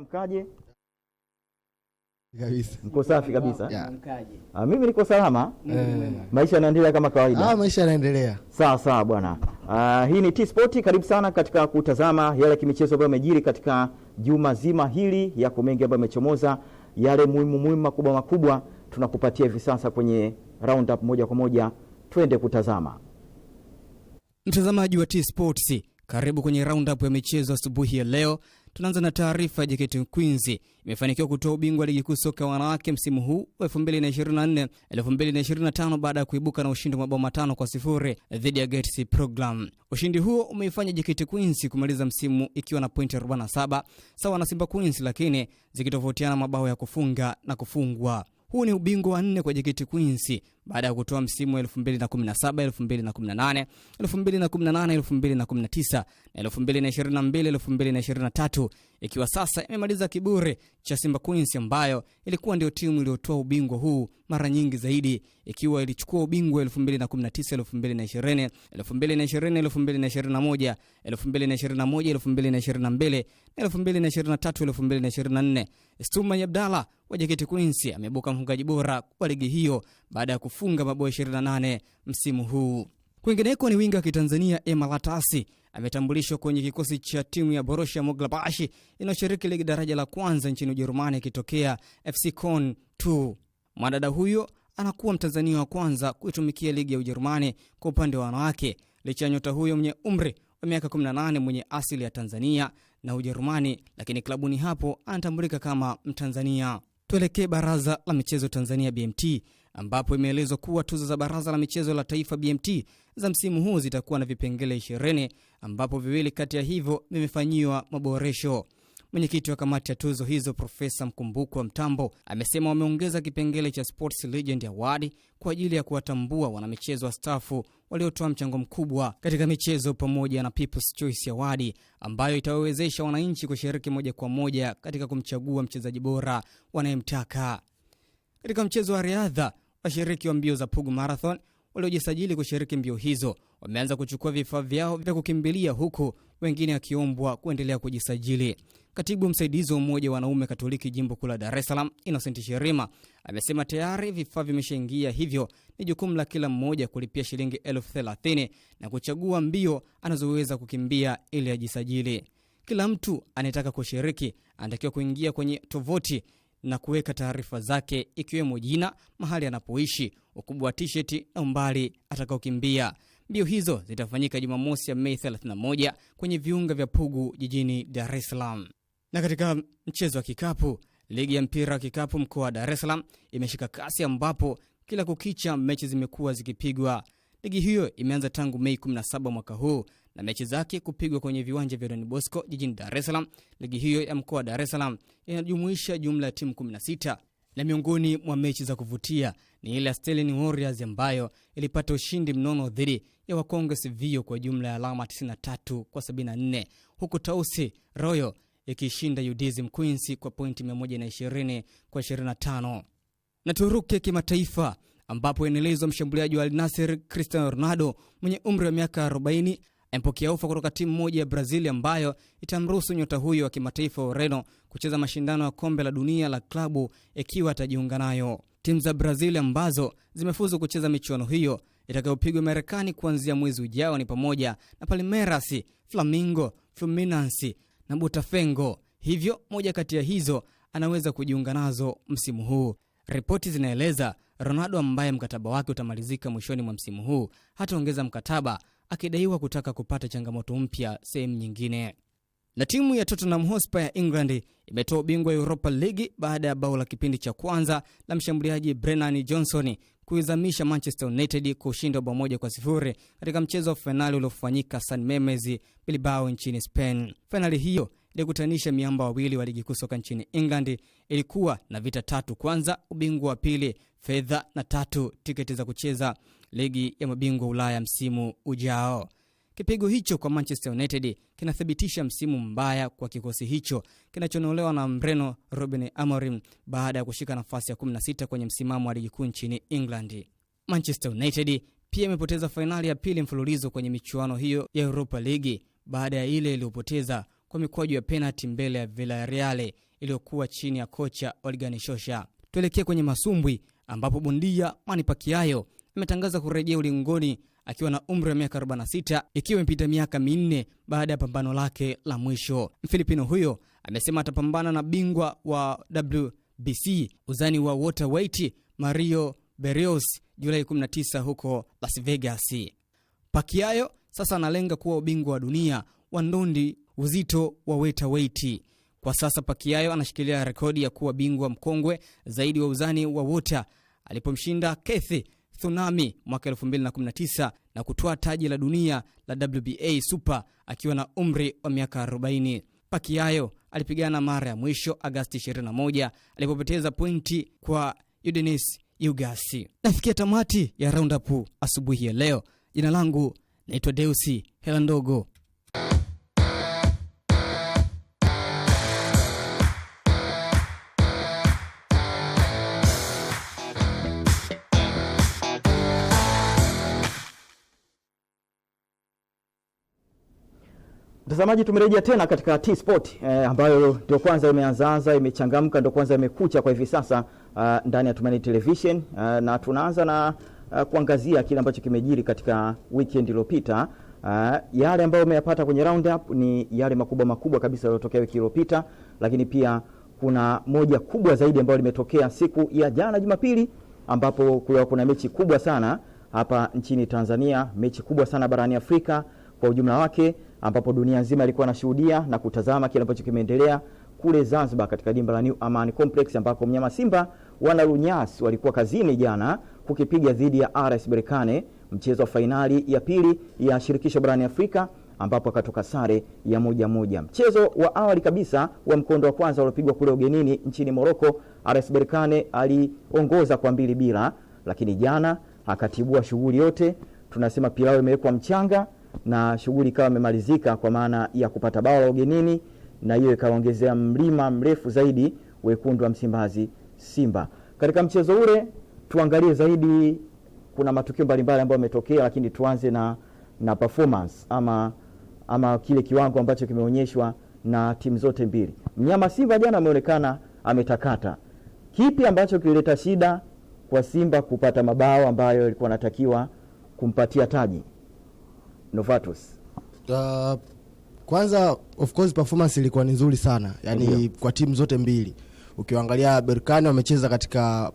Mkaje kabisa, mko safi kabisa yeah. Ah, mimi niko salama mm. Maisha yanaendelea kama kawaida. Ah, maisha yanaendelea sawa sawa bwana. Ah, hii ni T-Sport, karibu sana katika kutazama yale ya kimichezo ambayo yamejiri katika juma zima hili. Yako mengi ambayo yamechomoza, yale muhimu muhimu makubwa makubwa tunakupatia hivi sasa kwenye up moja kwa moja, twende kutazama. Mtazamaji wa T-Sports, karibu kwenye up ya michezo asubuhi ya leo Tunaanza na taarifa ya JKT Queens imefanikiwa kutoa ubingwa ligi kuu soka wanawake msimu huu wa 2024 2025 baada ya kuibuka na ushindi wa mabao matano kwa sifuri dhidi ya Gets Program. Ushindi huo umeifanya JKT Queens kumaliza msimu ikiwa na pointi 47 sawa na Simba Queens, lakini zikitofautiana mabao ya kufunga na kufungwa. Huu ni ubingwa wa nne kwa JKT Queens baada ya kutoa msimu 2017 2018 2018 2019 2022 2023, ikiwa sasa imemaliza kiburi cha Simba Queens ambayo ilikuwa ndio timu iliyotoa ubingwa huu mara nyingi zaidi, ikiwa ilichukua ubingwa 2019 2020 2020 2021 2021 2022 2023 2024. stuma Abdalla wa Jaketi Queens ameibuka mfungaji bora wa ligi hiyo baada ya kufunga mabao 28 msimu huu. Kwingineko ni winga wa Kitanzania Emma Latasi ametambulishwa kwenye kikosi cha timu ya Borussia Mönchengladbach inayoshiriki ligi daraja la kwanza nchini Ujerumani akitokea FC Köln 2. Mwanadada huyo anakuwa Mtanzania wa kwanza kuitumikia ligi ya Ujerumani kwa upande wa wanawake, licha ya nyota huyo mwenye umri wa miaka 18 mwenye asili ya Tanzania na Ujerumani, lakini klabuni hapo anatambulika kama Mtanzania. Tuelekee Baraza la Michezo Tanzania BMT ambapo imeelezwa kuwa tuzo za Baraza la Michezo la Taifa BMT za msimu huu zitakuwa na vipengele ishirini ambapo viwili kati ya hivyo vimefanyiwa maboresho. Mwenyekiti wa kamati ya tuzo hizo Profesa wa Mtambo amesema wameongeza kipengele cha Sports Legend Award kwa ajili ya kuwatambua wanamichezo wastaafu waliotoa mchango mkubwa katika michezo pamoja na People's Choice Award ambayo itawawezesha wananchi kushiriki moja kwa moja katika kumchagua mchezaji bora wanayemtaka. Katika mchezo wa riadha, washiriki wa mbio za Pugu Marathon waliojisajili kushiriki mbio hizo wameanza kuchukua vifaa vyao vya kukimbilia huku wengine akiombwa kuendelea kujisajili. Katibu msaidizi wa Umoja wa Wanaume Katoliki jimbo kuu la Dar es Salaam, Sherima, amesema tayari vifaa vimeshaingia, hivyo ni jukumu la kila mmoja kulipia shilingi elfu thelathini na kuchagua mbio anazoweza kukimbia ili ajisajili. Kila mtu anayetaka kushiriki anatakiwa kuingia kwenye tovuti na kuweka taarifa zake ikiwemo jina, mahali anapoishi, ukubwa wa tisheti na umbali atakaokimbia. Mbio hizo zitafanyika Jumamosi ya Mei 31 kwenye viunga vya Pugu jijini Dar es Salaam. Na katika mchezo wa kikapu, ligi ya mpira wa kikapu mkoa wa Dar es Salaam imeshika kasi, ambapo kila kukicha mechi zimekuwa zikipigwa. Ligi hiyo imeanza tangu Mei 17 mwaka huu na mechi zake kupigwa kwenye viwanja vya donibosco jijini Dar es Salaam. Ligi hiyo ya mkoa wa Dar es Salaam inajumuisha jumla ya timu 16 na miongoni mwa mechi za kuvutia ni ile ya stelin Warriors ambayo ilipata ushindi mnono dhidi ya Wakongresi vio kwa jumla ya alama 93 kwa 74, huku Tausi royo ikishinda Udism Queens kwa pointi 120 kwa 25. Na turuke kimataifa ambapo inaelezwa mshambuliaji wa Al Nassr Cristiano Ronaldo mwenye umri wa miaka 40 amepokea ofa kutoka timu moja ya Brazil ambayo itamruhusu nyota huyo wa kimataifa wa Ureno kucheza mashindano ya kombe la dunia la klabu ikiwa atajiunga nayo. Timu za Brazil ambazo zimefuzu kucheza michuano hiyo itakayopigwa Marekani kuanzia mwezi ujao ni pamoja na Palmeiras, flamingo Fluminense na Botafogo, hivyo moja kati ya hizo anaweza kujiunga nazo msimu huu. Ripoti zinaeleza Ronaldo ambaye mkataba wake utamalizika mwishoni mwa msimu huu hataongeza mkataba, akidaiwa kutaka kupata changamoto mpya sehemu nyingine. Na timu ya Tottenham Hotspur ya England imetoa ubingwa wa Europa League baada ya bao la kipindi cha kwanza la mshambuliaji Brennan Johnson kuizamisha Manchester United kushindwa bao moja kwa sifuri katika mchezo wa fainali uliofanyika San memes Bilbao nchini Spain. Fainali hiyo ilikutanisha miamba wawili wa ligi kuu soka nchini England. Ilikuwa na vita tatu: kwanza ubingwa, wa pili fedha, na tatu tiketi za kucheza ligi ya mabingwa Ulaya msimu ujao. Kipigo hicho kwa Manchester United kinathibitisha msimu mbaya kwa kikosi hicho kinachonolewa na Mreno Ruben Amorim baada ya kushika nafasi ya 16 kwenye msimamo wa ligi kuu nchini England. Manchester United pia imepoteza fainali ya pili mfululizo kwenye michuano hiyo ya Europa League baada ya ile iliyopoteza kwa mikwaju ya penalti mbele ya Villarreal iliyokuwa chini ya kocha Ole Shosha. Tuelekee kwenye masumbwi ambapo bondia manipakiayo Pacquiao ametangaza kurejea ulingoni akiwa na umri wa miaka 46 ikiwa imepita miaka minne baada ya pambano lake la mwisho. Mfilipino huyo amesema atapambana na bingwa wa WBC uzani wa waterweight Mario Berrios Julai 19 huko Las Vegas. Pakiayo sasa analenga kuwa ubingwa wa dunia wa ndondi uzito wa welterweight. Kwa sasa pakiayo anashikilia rekodi ya kuwa bingwa mkongwe zaidi wa uzani wa wota alipomshinda Keith Tsunami mwaka 2019 na kutoa taji la dunia la WBA Super akiwa na umri wa miaka 40. Pakiayo alipigana mara ya mwisho Agasti 21 alipopoteza pointi kwa Udenis Yugasi. Nafikia tamati ya roundup asubuhi ya leo. Jina langu naitwa Deusi Hela Ndogo. Mtazamaji, tumerejea tena katika T Sport eh, ambayo ndio kwanza imeanzaanza imechangamka, ndio kwanza imekucha kwa hivi sasa uh, ndani ya Tumaini Television uh, na tunaanza na uh, kuangazia kile ambacho kimejiri katika weekend iliyopita. Uh, yale ambayo umeyapata kwenye round up ni yale makubwa makubwa kabisa yaliyotokea wiki iliyopita, lakini pia kuna moja kubwa zaidi ambayo limetokea siku ya jana Jumapili, ambapo kulikuwa kuna mechi kubwa sana hapa nchini Tanzania, mechi kubwa sana barani Afrika kwa ujumla wake ambapo dunia nzima ilikuwa inashuhudia na kutazama kile ambacho kimeendelea kule Zanzibar katika dimba la New Amani Complex ambako mnyama Simba wana lunyasi walikuwa kazini jana kukipiga dhidi ya RS Berkane mchezo wa fainali ya pili ya shirikisho barani Afrika ambapo akatoka sare ya moja moja. Mchezo wa awali kabisa wa mkondo wa kwanza uliopigwa kule ugenini nchini Morocco, RS Berkane aliongoza kwa mbili bila, lakini jana akatibua shughuli yote. Tunasema pilau imewekwa mchanga na shughuli ikawa imemalizika kwa maana ya kupata bao la ugenini, na hiyo ikaongezea mlima mrefu zaidi wekundu wa Msimbazi Simba. Katika mchezo ule tuangalie zaidi, kuna matukio mbalimbali ambayo yametokea, lakini tuanze na, na performance ama, ama kile kiwango ambacho kimeonyeshwa na timu zote mbili. Mnyama Simba jana ameonekana ametakata. Kipi ambacho kilileta shida kwa Simba kupata mabao ambayo ilikuwa anatakiwa kumpatia taji? Novatus? Uh, kwanza of course performance ilikuwa ni nzuri sana yani Ndiyo. kwa timu zote mbili ukiangalia Berkane wamecheza katika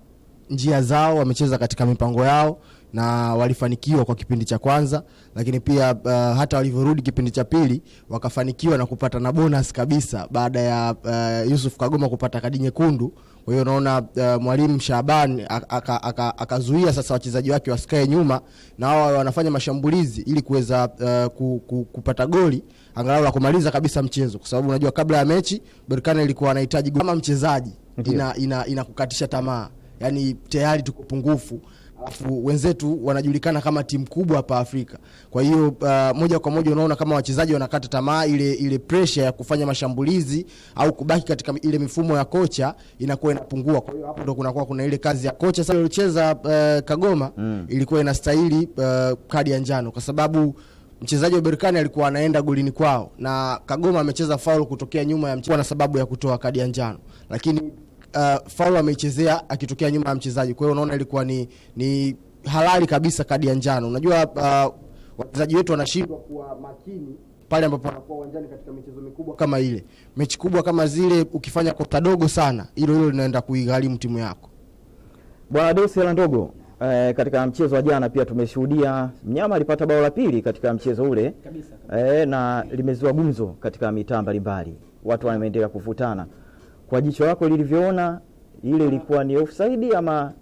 njia zao, wamecheza katika mipango yao na walifanikiwa kwa kipindi cha kwanza, lakini pia uh, hata walivyorudi kipindi cha pili wakafanikiwa na kupata na bonus kabisa baada ya uh, Yusuf Kagoma kupata kadi nyekundu kwa hiyo unaona uh, eh, mwalimu Shaban akazuia sasa wachezaji wake wasikae nyuma na wao wanafanya mashambulizi ili kuweza uh, ku, ku, kupata goli angalau la kumaliza kabisa mchezo, kwa sababu unajua kabla ya mechi Berkane ilikuwa anahitaji kama mchezaji ina, ina, ina kukatisha tamaa, yani tayari tuko pungufu wenzetu wanajulikana kama timu kubwa hapa Afrika. Kwa hiyo uh, moja kwa moja unaona kama wachezaji wanakata tamaa, ile ile pressure ya kufanya mashambulizi au kubaki katika ile mifumo ya kocha inakuwa inapungua. Kwa hiyo hapo ndo kunakuwa kuna ile kazi ya kocha sasa. Aliocheza uh, Kagoma mm. ilikuwa inastahili uh, kadi ya njano kwa sababu mchezaji wa Berkane alikuwa anaenda golini kwao na Kagoma amecheza faulu kutokea nyuma ya mchezaji na sababu ya kutoa kadi ya njano, lakini uh, faulu ameichezea akitokea nyuma ya mchezaji. Kwa hiyo unaona ilikuwa ni, ni halali kabisa kadi ya njano. Unajua uh, wachezaji wetu wanashindwa kuwa makini pale ambapo wanakuwa uwanjani katika michezo mikubwa kama ile, mechi kubwa kama zile, ukifanya kosa dogo sana, hilo hilo linaenda kuigharimu timu yako. Bwana Deus hela ndogo Eh, katika mchezo wa jana pia tumeshuhudia mnyama alipata bao la pili katika mchezo ule kabisa, kabisa. Eh, na limezua gumzo katika mitaa mbalimbali, watu wameendelea kuvutana kwa jicho lako lilivyoona, ile ilikuwa ni offside ama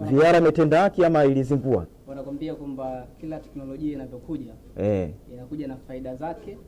viara ametenda haki ama ilizimbua? Wanakwambia kwamba kila teknolojia inavyokuja eh, inakuja na faida zake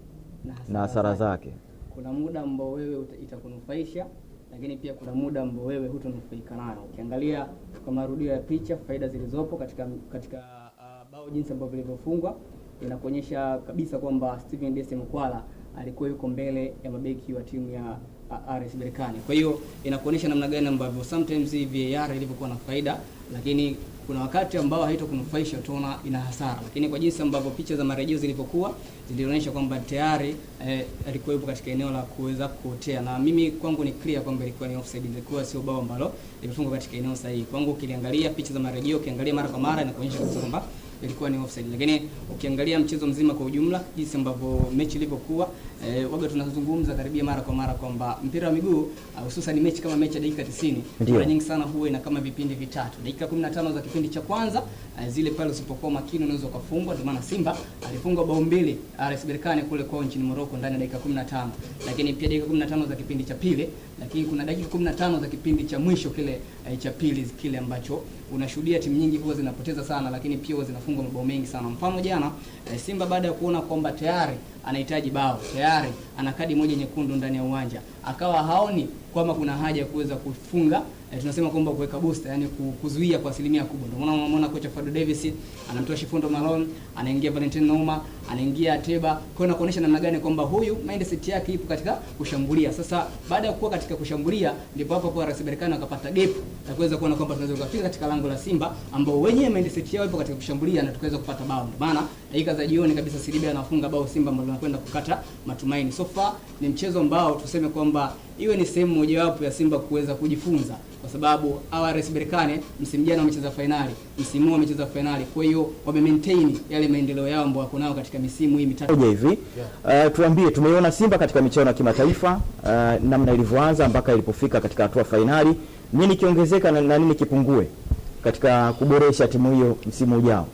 na hasara, na hasara zake. Kuna muda ambao wewe itakunufaisha lakini pia kuna muda ambao wewe hutonufaika nayo. Ukiangalia kwa marudio ya picha, faida zilizopo katika katika uh, bao jinsi ambavyo vilivyofungwa inakuonyesha kabisa kwamba Steven Dese Mkwala alikuwa yuko mbele ya mabeki wa timu ya RS Berkane. Kwa hiyo inakuonyesha namna gani ambavyo sometimes VAR ilivyokuwa na faida, lakini kuna wakati ambao haitokunufaisha, utaona ina hasara. Lakini kwa jinsi ambavyo picha za marejeo zilivyokuwa zilionyesha kwamba tayari eh, yupo katika eneo la kuweza kuotea, na mimi kwangu ni clear kwamba ilikuwa ni offside, ilikuwa sio bao ambalo limefungwa katika eneo sahihi. Kwangu ukiliangalia picha za marejeo, ukiangalia mara kwa mara, inakuonyesha kwamba ilikuwa ni offside, lakini ukiangalia mchezo mzima kwa ujumla, jinsi ambavyo mechi ilivyokuwa, e, waga tunazungumza karibia mara kwa mara kwamba mpira wa miguu ah, hususan uh, mechi kama mechi ya dakika 90 mara nyingi sana huwa ina kama vipindi vitatu. Dakika 15 za kipindi cha kwanza uh, zile pale usipokuwa makini unaweza kufungwa. Ndio maana Simba alifungwa bao mbili RS Berkane kule kwao nchini Morocco ndani ya dakika 15, lakini pia dakika 15 za kipindi cha pili, lakini kuna dakika 15 za kipindi cha mwisho kile uh, cha pili kile ambacho unashuhudia timu nyingi huwa zinapoteza sana, lakini pia huwa zinafungwa mabao mengi sana. Mfano jana eh, Simba baada ya kuona kwamba tayari anahitaji bao, tayari ana kadi moja nyekundu ndani ya uwanja, akawa haoni kwamba kuna haja ya kuweza kufunga eh, tunasema kwamba kuweka booster, yani kuzuia kwa asilimia kubwa. Ndio maana unaona kocha Fado Davis anamtoa Shifondo Malone, anaingia Valentino Noma, anaingia Ateba, kwa hiyo nakuonesha namna gani kwamba huyu mindset yake ipo katika kushambulia. Sasa baada ya kuwa katika kushambulia, ndipo hapo kwa RS Berkane akapata gap na kuweza kuona kwamba tunaweza kufika katika lango la Simba ambao wenyewe mindset yao ipo katika kushambulia na tukaweza kupata bao. Ndio maana dakika za jioni kabisa Silibia anafunga bao Simba ambao anakwenda kukata matumaini. So far ni mchezo ambao tuseme kwamba iwe ni sehemu mojawapo ya Simba kuweza kujifunza kwa sababu awa rais Berkane msimu jana wamecheza fainali, msimu huu wamecheza fainali. Kwa hiyo wame maintain yale maendeleo yao ambayo wako nao katika misimu hii mitatu hivi. Yeah. Uh, tuambie, tumeiona Simba katika michuano ya kimataifa uh, namna ilivyoanza mpaka ilipofika katika hatua fainali, nini kiongezeka na, na nini kipungue katika kuboresha timu hiyo msimu ujao?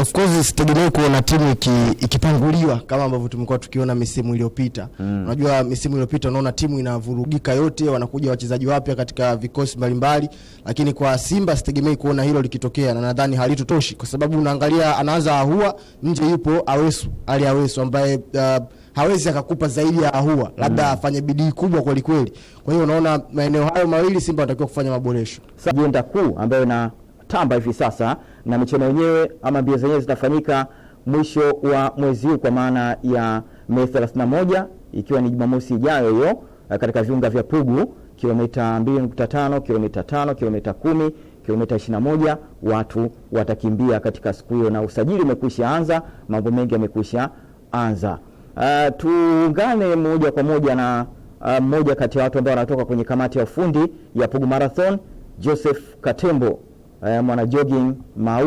Of course sitegemei kuona timu iki, ikipanguliwa kama ambavyo tumekuwa tukiona misimu iliyopita. Mm. Unajua misimu iliyopita unaona timu inavurugika yote, wanakuja wachezaji wapya katika vikosi mbalimbali, lakini kwa Simba sitegemei kuona hilo likitokea na nadhani halitotoshi kwa sababu unaangalia anaanza Ahua, nje yupo Awesu, Ali Awesu ambaye uh, hawezi akakupa zaidi ya Ahua, labda mm. afanye bidii kubwa kweli kweli. Kwa hiyo unaona maeneo hayo mawili Simba anatakiwa kufanya maboresho. Ajenda kuu ambayo inatamba hivi sasa na michuano yenyewe ama mbio zenyewe zitafanyika mwisho wa mwezi huu kwa maana ya Mei 31 ikiwa ni Jumamosi ijayo hiyo, eh, katika viunga vya Pugu, kilomita 2.5, kilomita 5, kilomita 10, kilomita 21, watu watakimbia katika siku hiyo, na usajili umekwisha anza, mambo mengi yamekwisha anza. Uh, tuungane moja kwa moja na eh, mmoja uh, kati ya watu ambao wanatoka kwenye kamati ya ufundi ya Pugu Marathon, Joseph Katembo eh, mwana jogging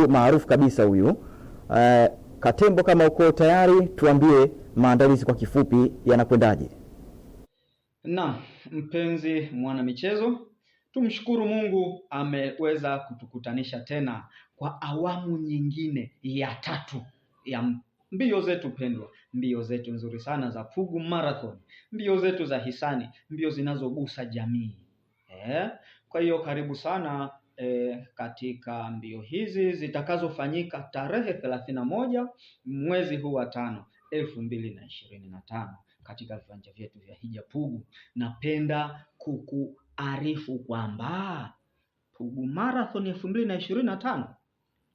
maarufu kabisa huyu eh, Katembo, kama uko tayari, tuambie maandalizi kwa kifupi yanakwendaje? Naam, mpenzi mwana michezo, tumshukuru Mungu ameweza kutukutanisha tena kwa awamu nyingine ya tatu ya mbio zetu pendwa, mbio zetu nzuri sana za Pugu Marathon, mbio zetu za hisani, mbio zinazogusa jamii eh. Kwa hiyo karibu sana e, katika mbio hizi zitakazofanyika tarehe thelathini na moja mwezi huu wa tano elfu mbili na ishirini na tano katika viwanja vyetu vya Hija Pugu. Napenda kukuarifu kwamba Pugu Marathon elfu mbili na ishirini na tano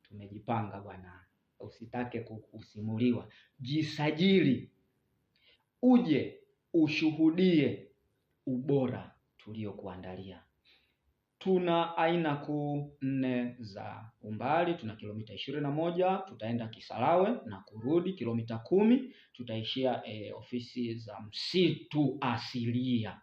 tumejipanga bwana, usitake kusimuliwa. Jisajili uje ushuhudie ubora tuliokuandalia tuna aina kuu nne za umbali. Tuna kilomita ishirini na moja tutaenda Kisarawe na kurudi, kilomita kumi tutaishia e, ofisi za msitu asilia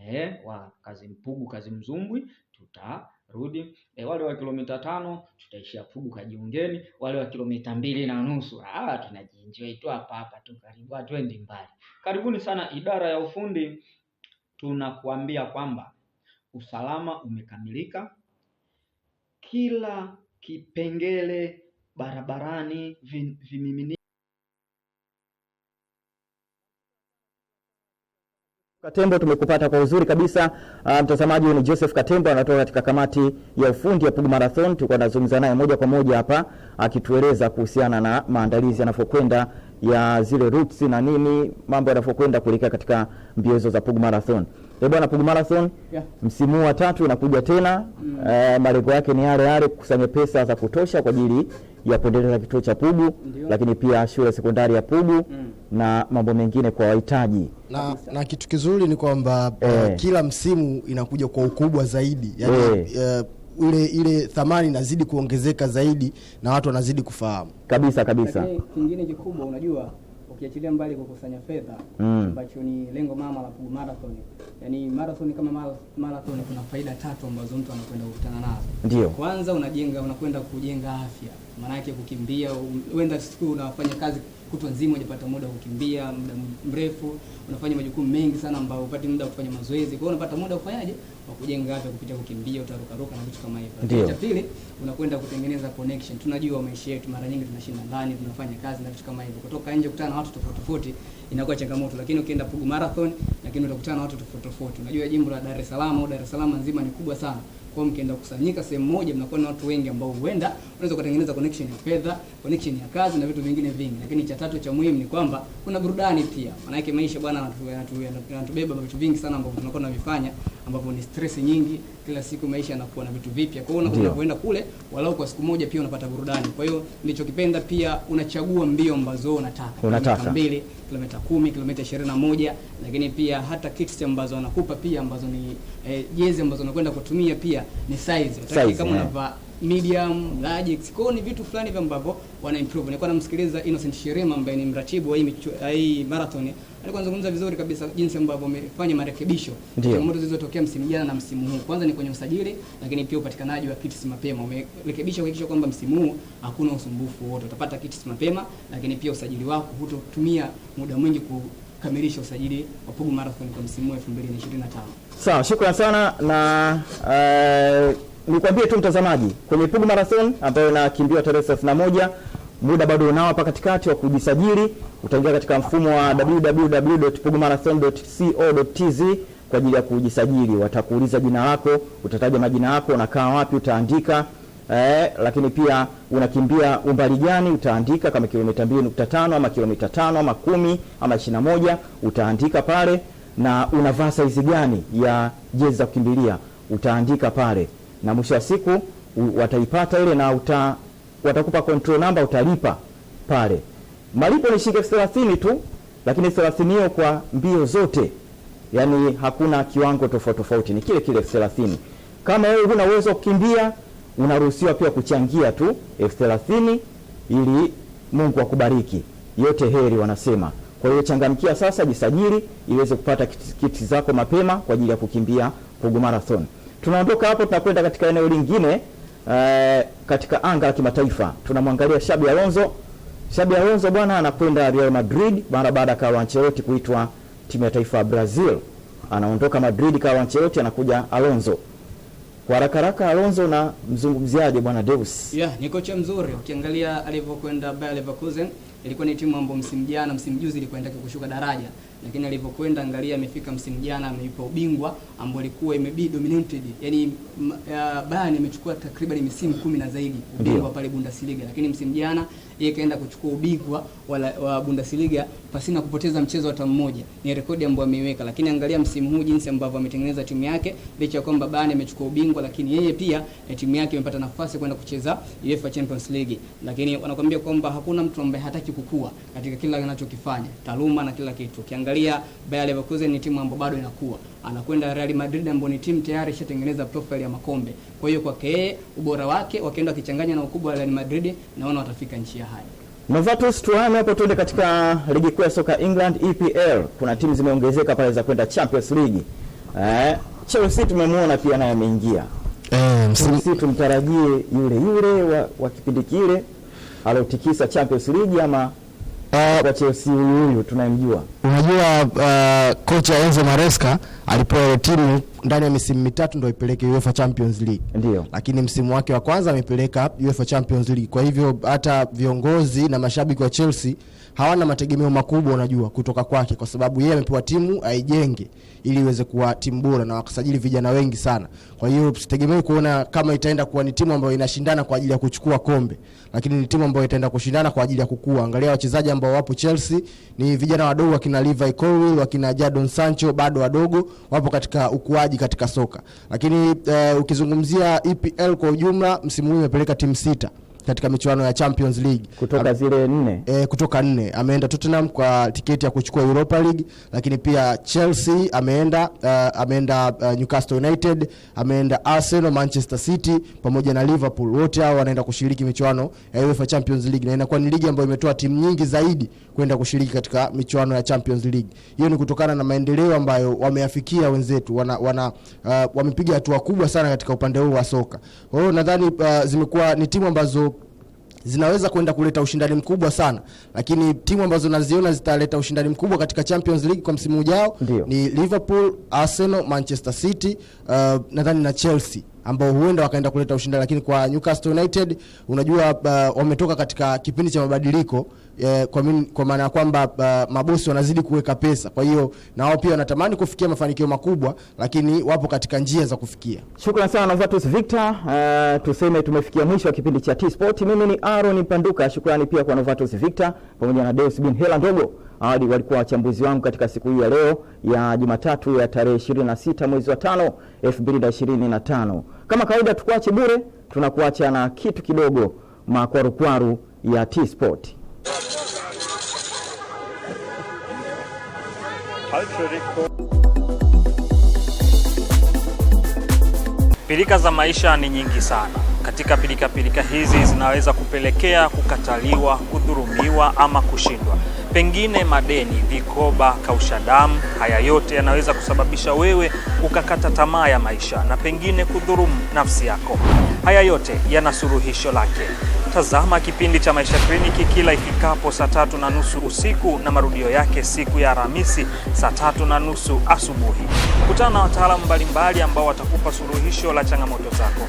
e, wa kazi Mpugu kazi Mzumbwi tutarudi e, wale wa kilomita tano tutaishia Pugu kajiungeni, wale wa kilomita mbili na nusu ah, tunajienjoy tu hapa hapa tu, karibu atwendi mbali. Karibuni sana idara ya ufundi, tunakuambia kwamba usalama umekamilika, kila kipengele barabarani vimimini Katembo, tumekupata kwa uzuri kabisa. Uh, mtazamaji ni Joseph Katembo anatoka katika kamati ya ufundi ya Pugu Marathon. Tulikuwa tunazungumza naye moja kwa moja hapa akitueleza kuhusiana na maandalizi yanavyokwenda ya zile routes na nini mambo yanavyokwenda kuelekea katika mbio hizo za Pugu Marathon. Eh, bwana Pugu Marathon yeah. Msimu wa tatu inakuja tena mm. Uh, malengo yake ni yale yale, kukusanya pesa za kutosha kwa ajili ya kuendeleza kituo cha Pugu Ndiyo. Lakini pia shule sekondari ya Pugu mm. na mambo mengine kwa wahitaji na, na kitu kizuri ni kwamba eh. eh kila msimu inakuja kwa ukubwa zaidi yani, eh. Uh, eh, ile, ile thamani inazidi kuongezeka zaidi na watu wanazidi kufahamu kabisa kabisa. Kingine kikubwa unajua ukiachilia mbali kukusanya fedha mm. ambacho mm. ni lengo mama la marathon. Yaani marathon kama marathon kuna faida tatu ambazo mtu anakwenda kukutana nazo. Ndio. Kwanza unajenga unakwenda kujenga afya. Maana yake kukimbia uenda siku unafanya kazi kutwa nzima unapata muda wa kukimbia muda mrefu, unafanya majukumu mengi sana ambayo upati muda wa kufanya mazoezi. Kwa hiyo unapata muda kufanyaje wa kujenga afya kupitia kukimbia, utarukaruka na vitu kama hivyo. Cha pili, unakwenda kutengeneza connection. Tunajua maisha yetu mara nyingi tunashinda ndani, tunafanya kazi na vitu kama hivyo. Kutoka nje kukutana na watu tofauti tofauti inakuwa changamoto, lakini ukienda Pugu Marathon, lakini utakutana na watu tofauti tofauti. Unajua jimbo la Dar es Salaam au Dar es Salaam nzima ni kubwa sana. Kwa hiyo mkienda kusanyika sehemu moja, mnakuwa na watu wengi ambao huenda unaweza kutengeneza connection ya fedha, connection ya kazi na vitu vingine vingi. Lakini cha tatu cha muhimu ni kwamba kuna burudani pia. maanake maisha bwana, yanatubeba vitu vingi sana ambavyo tunakuwa tunavifanya ambavyo ni stress nyingi kila siku maisha yanakuwa na vitu vipya. Kwa hiyo unapoenda kule walau kwa siku moja pia unapata burudani. Kwa hiyo nilichokipenda pia unachagua mbio ambazo unataka, Unataka mbili, kilomita kumi, kilomita ishirini na moja, lakini pia hata kits ambazo wanakupa pia ambazo ni eh, jezi ambazo unakwenda kutumia pia ni size, size kama unavaa yeah medium, large, Kwa ni vitu fulani vya ambavyo wana improve. Nilikuwa namsikiliza Innocent Sherema ambaye ni mratibu wa hii eh, marathon. Alikuwa anazungumza vizuri kabisa jinsi ambavyo wamefanya marekebisho changamoto zilizotokea msimu jana na msimu huu. Kwanza ni kwenye usajili, lakini pia upatikanaji wa kits mapema. Wamerekebisha kuhakikisha kwamba msimu huu hakuna usumbufu wote, utapata kits mapema, lakini pia usajili wako hutotumia muda mwingi ku kamilisha usajili wa Pugu Marathon kwa msimu 2025. Sawa, shukrani sana na uh, nikwambie tu mtazamaji, kwenye Pugu Marathon ambayo inakimbiwa tarehe thelathini na moja muda bado unao hapa katikati wa kujisajili. Utaingia katika mfumo wa www.pugumarathon.co.tz kwa ajili ya kujisajili. Watakuuliza jina lako, utataja majina yako, unakaa wapi, utaandika eh, lakini pia unakimbia umbali gani, utaandika kama kilomita 2.5 ama kilomita 5 ama kumi ama moja utaandika pale, na unavaa saizi gani ya jezi za kukimbilia, utaandika pale na mwisho wa siku wataipata ile na uta, watakupa control number utalipa pale. Malipo ni shilingi elfu thelathini tu, lakini thelathini hiyo kwa mbio zote, yaani hakuna kiwango tofauti tofauti, ni kile kile elfu thelathini. Kama wewe huna uwezo wa kukimbia, unaruhusiwa pia kuchangia tu elfu thelathini ili Mungu akubariki. Yote heri wanasema. Kwa hiyo changamkia sasa, jisajili iweze kupata kiti, kiti zako mapema kwa ajili ya kukimbia Pugu Marathon. Tunaondoka hapo tunakwenda katika eneo lingine eh, katika anga la kimataifa tunamwangalia Xabi Alonso. Xabi Alonso bwana anakwenda Real Madrid mara baada ya Ancelotti kuitwa timu ya taifa ya Brazil. Anaondoka Madrid, kwa Ancelotti anakuja Alonso. Kwa haraka haraka Alonso na mzungumziaje bwana Deus? Yeah, ni kocha mzuri. Ukiangalia alivyokwenda Bayer Leverkusen ilikuwa ni timu ambayo msimu jana msimu juzi ilikuwa inataka kushuka daraja lakini alivyokwenda angalia, amefika msimu jana ameipa ubingwa ambao alikuwa imebi dominated, yani Bayern imechukua takriban misimu kumi na zaidi ubingwa pale Bundesliga, lakini msimu jana yeye kaenda kuchukua ubingwa wa Bundesliga pasina kupoteza mchezo hata mmoja. Ni rekodi ambayo ameiweka, lakini angalia msimu huu jinsi ambavyo ametengeneza timu yake, licha ya kwamba Bayern imechukua ubingwa, lakini yeye pia eh, timu yake imepata nafasi kwenda kucheza UEFA Champions League, lakini wanakuambia kwamba hakuna mtu ambaye hataki kukua katika kila anachokifanya, taaluma na kila kitu Kiangali ukiangalia Bayer Leverkusen ni timu ambayo bado inakuwa, anakwenda Real Madrid ambayo ni timu tayari ishatengeneza profile ya makombe. Kwa hiyo kwake yeye ubora wake wakienda wakichanganya na ukubwa wa Real Madrid, naona watafika nchi ya haya. Novatus, tuame hapo, tuende katika ligi kuu ya soka England EPL. Kuna timu zimeongezeka pale za kwenda Champions League. Eh, Chelsea tumemwona pia naye ameingia. Eh, msimu tumtarajie yule yule wa, wa kipindi kile alotikisa Champions League ama uh, ah, wa Chelsea huyu tunayemjua, unajua uh, kocha Enzo Maresca alipewa timu ndani ya misimu mitatu ndio ipeleke UEFA Champions League. Ndio. Lakini msimu wake wa kwanza amepeleka UEFA Champions League. Kwa hivyo hata viongozi na mashabiki wa Chelsea hawana mategemeo makubwa, unajua, kutoka kwake, kwa sababu yeye amepewa timu aijenge ili iweze kuwa timu bora na wakasajili vijana wengi sana. Kwa hiyo usitegemee kuona kama itaenda kuwa ni timu ambayo inashindana kwa ajili ya kuchukua kombe, lakini ni timu ambayo itaenda kushindana kwa ajili ya kukua. Angalia wachezaji ambao wapo Chelsea ni vijana wadogo, wakina Levi Colwill, wakina Jadon Sancho bado wadogo wapo katika ukuaji katika soka, lakini uh, ukizungumzia EPL kwa ujumla, msimu huu imepeleka timu sita katika michuano ya Champions League kutoka zile nne e, kutoka nne ameenda Tottenham kwa tiketi ya kuchukua Europa League, lakini pia Chelsea ameenda uh, ameenda uh, Newcastle United ameenda Arsenal, Manchester City pamoja na Liverpool, wote hao wanaenda kushiriki michuano ya UEFA Champions League na inakuwa ni ligi ambayo imetoa timu nyingi zaidi kwenda kushiriki katika michuano ya Champions League. Hiyo ni kutokana na maendeleo ambayo wameyafikia wenzetu, wana, wana uh, wamepiga hatua kubwa sana katika upande huu wa soka. Kwa hiyo nadhani uh, zimekuwa ni timu ambazo zinaweza kwenda kuleta ushindani mkubwa sana, lakini timu ambazo naziona zitaleta ushindani mkubwa katika Champions League kwa msimu ujao ni Liverpool, Arsenal, Manchester City uh, nadhani na Chelsea ambao huenda wakaenda kuleta ushindani, lakini kwa Newcastle United unajua, uh, wametoka katika kipindi cha mabadiliko eh, kwa maana kwa ya kwamba uh, mabosi wanazidi kuweka pesa, kwa hiyo na wao pia wanatamani kufikia mafanikio makubwa, lakini wapo katika njia za kufikia. Shukrani sana Novatus Victor. Uh, tuseme tumefikia mwisho wa kipindi cha T Sport. Mimi ni Aaron Panduka. Shukrani pia kwa Novatus Victor pamoja na Deus bin Hela Ndogo awali walikuwa wachambuzi wangu katika siku hii ya leo ya Jumatatu ya tarehe 26 mwezi wa t5 2025. Kama kawaida, tukuache bure, tunakuacha na kitu kidogo makwarukwaru ya T-Sport. Pilika za maisha ni nyingi sana. Katika pilika -pilika hizi zinaweza kupelekea kukataliwa, kudhurumiwa ama kushindwa pengine madeni, vikoba, kausha damu. Haya yote yanaweza kusababisha wewe ukakata tamaa ya maisha na pengine kudhurumu nafsi yako. Haya yote yana suluhisho lake. Tazama kipindi cha Maisha Kliniki kila ifikapo saa tatu na nusu usiku na marudio yake siku ya Alhamisi saa tatu na nusu asubuhi. Kutana na wataalamu mbalimbali ambao watakupa suluhisho la changamoto zako.